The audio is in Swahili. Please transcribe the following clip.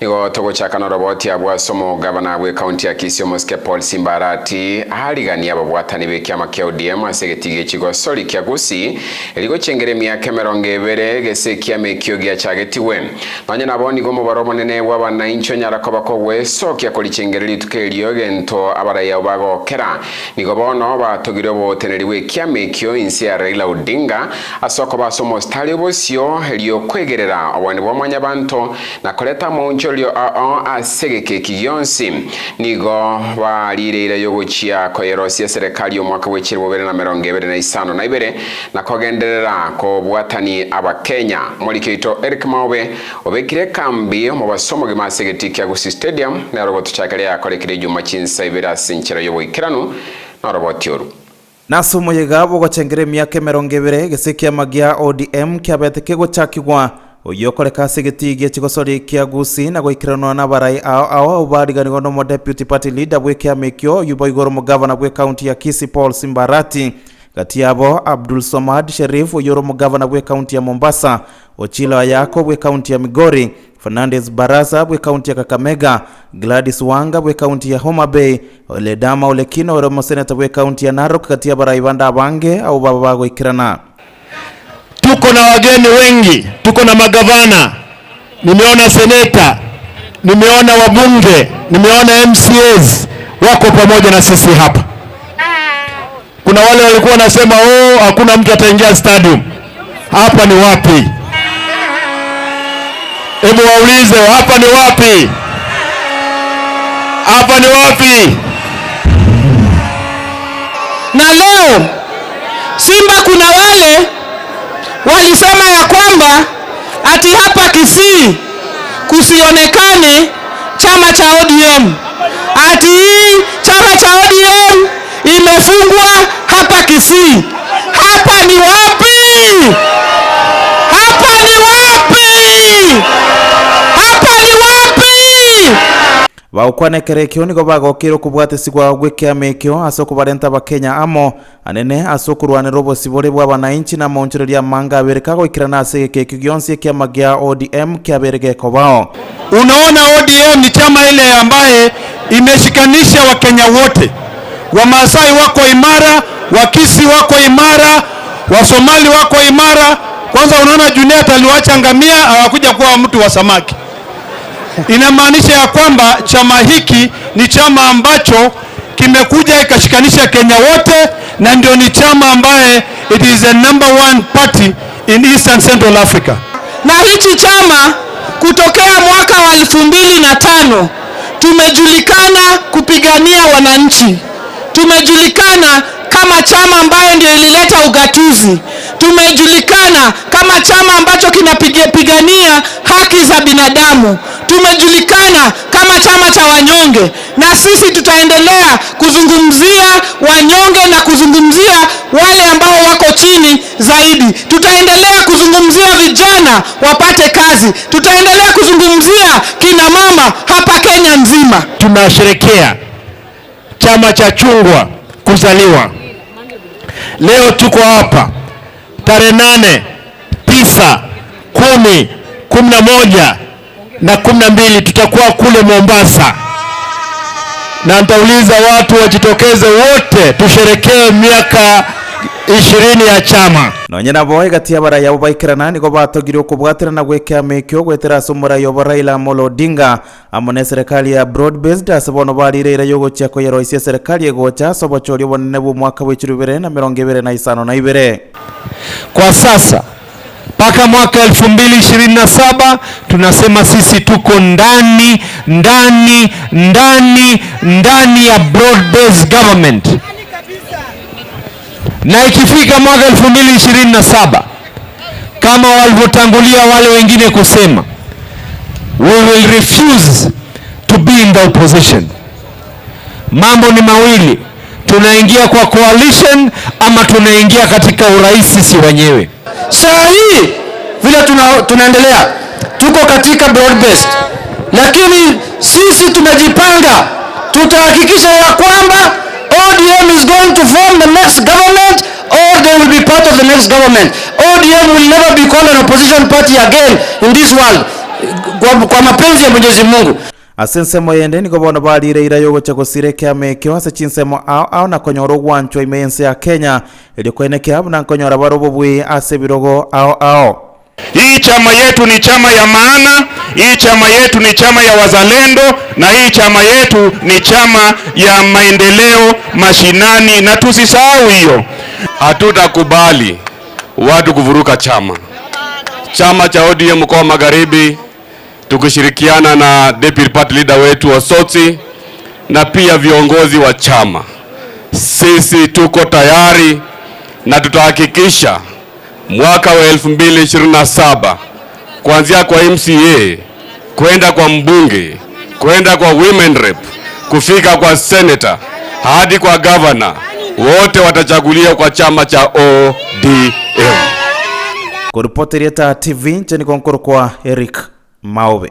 igoto gocakana roboti bwa somo gavana bwe kaunti ya kisi omosike Paul Simbarati harigania babwatani bä kä ama kä ODM asegetigie chigo sori kia gusi ligocengere miaka mirongo ibere gesekia mikio gia chagetiwe nonye nabo nigo mubaro munene bwa banaincho nyarako bakogwecokia kuricengereria itukirio gento abaraiao bagokera nigo bono batogire oboteneri bwe kia mikio insi ya Raila Odinga asoko basomostari bocio riokwegerera obwani bwa mwanya banto na koreta moncho lyo ao asekekeka yonsi nigo balirĩire yũgũchia koyero cia serekali omwaka wechiri bubere na mirongo ibere na isano na ibere na kogenderera kobwatani abakenya morikeito Eric Maobe obekire kambi mu basomogi masegeti kia Gusii Stadium na rogotuchakaria yakorekire juma chinsa ibere ase enchero yoboikeranu na roboti oru nasomoyega bogochengeremia miaka mirongo ibere gise kiama gia ODM kiabete kegochakigwa uyokoreka sigitigie chigosori kia gusi na gwikiranwa na barai ao ao ao bariganirwo no deputy party leader bwe kia mekio yuba igoro mu governor bwe county ya kisi Paul Simbarati gati yabo Abdul Somad Sherif uyoro mu governor bwe county ya Mombasa Ochila Yako bwe county ya Migori Fernandez Barasa bwe county ya Kakamega, Gladys Wanga bwe county ya Homa Bay, Oledama Olekino Oromo seneta bwe county ya Narok kati ya baraivanda abange au baba bagwikirana tuko na wageni wengi, tuko na magavana, nimeona seneta, nimeona wabunge, nimeona MCAs wako pamoja na sisi hapa. Kuna wale walikuwa wanasema oh, hakuna mtu ataingia stadium. Hapa ni wapi? Hebu waulize hapa ni wapi? Hapa ni wapi? Na leo Simba kuna wale walisema ya kwamba ati hapa Kisii kusionekane chama cha ODM, ati hii chama cha ODM imefungwa hapa Kisii. bagukwanaikara kionigo bagokirwe kubwata esigwa gwe kiama ekio ase okubarenta abakenya amo anene ase okorwanera obosibore bwa abananchi na amaonchereria amange abere kagoikirana ase egeka ekio gionsi ekiama gia ODM kiabere gekobao. Unaona, ODM ni chama ile ambaye imeshikanisha wakenya wote. Wamasai wako imara, Wakisi wako imara, Wasomali wako imara. Kwanza unaona Juniata aliwacha ngamia, hawakuja kuwa mtu wa samaki. Inamaanisha ya kwamba chama hiki ni chama ambacho kimekuja ikashikanisha Kenya wote, na ndio ni chama ambaye it is a number one party in Eastern Central Africa. Na hichi chama kutokea mwaka wa elfu mbili na tano tumejulikana kupigania wananchi, tumejulikana kama chama ambayo ndio ilileta ugatuzi, tumejulikana kama chama ambacho kinapigania haki za binadamu tumejulikana kama chama cha wanyonge, na sisi tutaendelea kuzungumzia wanyonge na kuzungumzia wale ambao wako chini zaidi. Tutaendelea kuzungumzia vijana wapate kazi, tutaendelea kuzungumzia kina mama hapa Kenya nzima. Tunasherekea chama cha chungwa kuzaliwa leo. Tuko hapa tarehe nane, tisa, kumi, kumi na moja na kumi na mbili tutakuwa kule Mombasa, na nitauliza watu wajitokeze wote tusherekee miaka ishirini ya chama nonyena gati ya baraya baikirana nigo batogirwe kubwatirana gwikea mikio gwetera ase omuraia Raila Amolo Odinga amo na serikali ya broad based ase bono barireire yogochia koyeroisia eserikali egocha ase obochori obonene bwa omwaka bwa echi na mirongo ibere na isano na ibere kwa sasa mpaka mwaka saba tunasema sisi tuko ndani ndani ndani ndani ya broad based government, na ikifika mwaka saba kama walivyotangulia wale wengine kusema, we will refuse to be in the opposition. Mambo ni mawili tunaingia kwa coalition ama tunaingia katika urais si wenyewe. Saa hii vile tuna, tunaendelea tuko katika broad based, lakini sisi tumejipanga, tutahakikisha ya kwamba ODM is going to form the next government or they will be part of the next government. ODM will never become an opposition party again in this world, kwa, kwa mapenzi ya Mwenyezi Mungu ase nsemo yende nigo bono ira yogocha gusireke amekio ase chinsemo ao ao konyora ogwanchwa ime ense ya kenya eriokoeneke abo na nkonyora obobwi ase birogo ao ao hii chama yetu ni chama ya maana, hii chama yetu ni chama ya wazalendo, na hii chama yetu ni chama ya maendeleo mashinani, na tusisahau hiyo. Hatutakubali watu kuvuruka chama. Chama cha ODM mkoa Magharibi tukishirikiana na deputy party leader wetu wa na pia viongozi wa chama. Sisi tuko tayari na tutahakikisha mwaka wa 2027 kuanzia kwa MCA kwenda kwa mbunge kwenda kwa women rep kufika kwa senator hadi kwa governor, wote watachaguliwa kwa chama cha ODM. Kuripoti Rieta TV nchini kwa Eric Maube.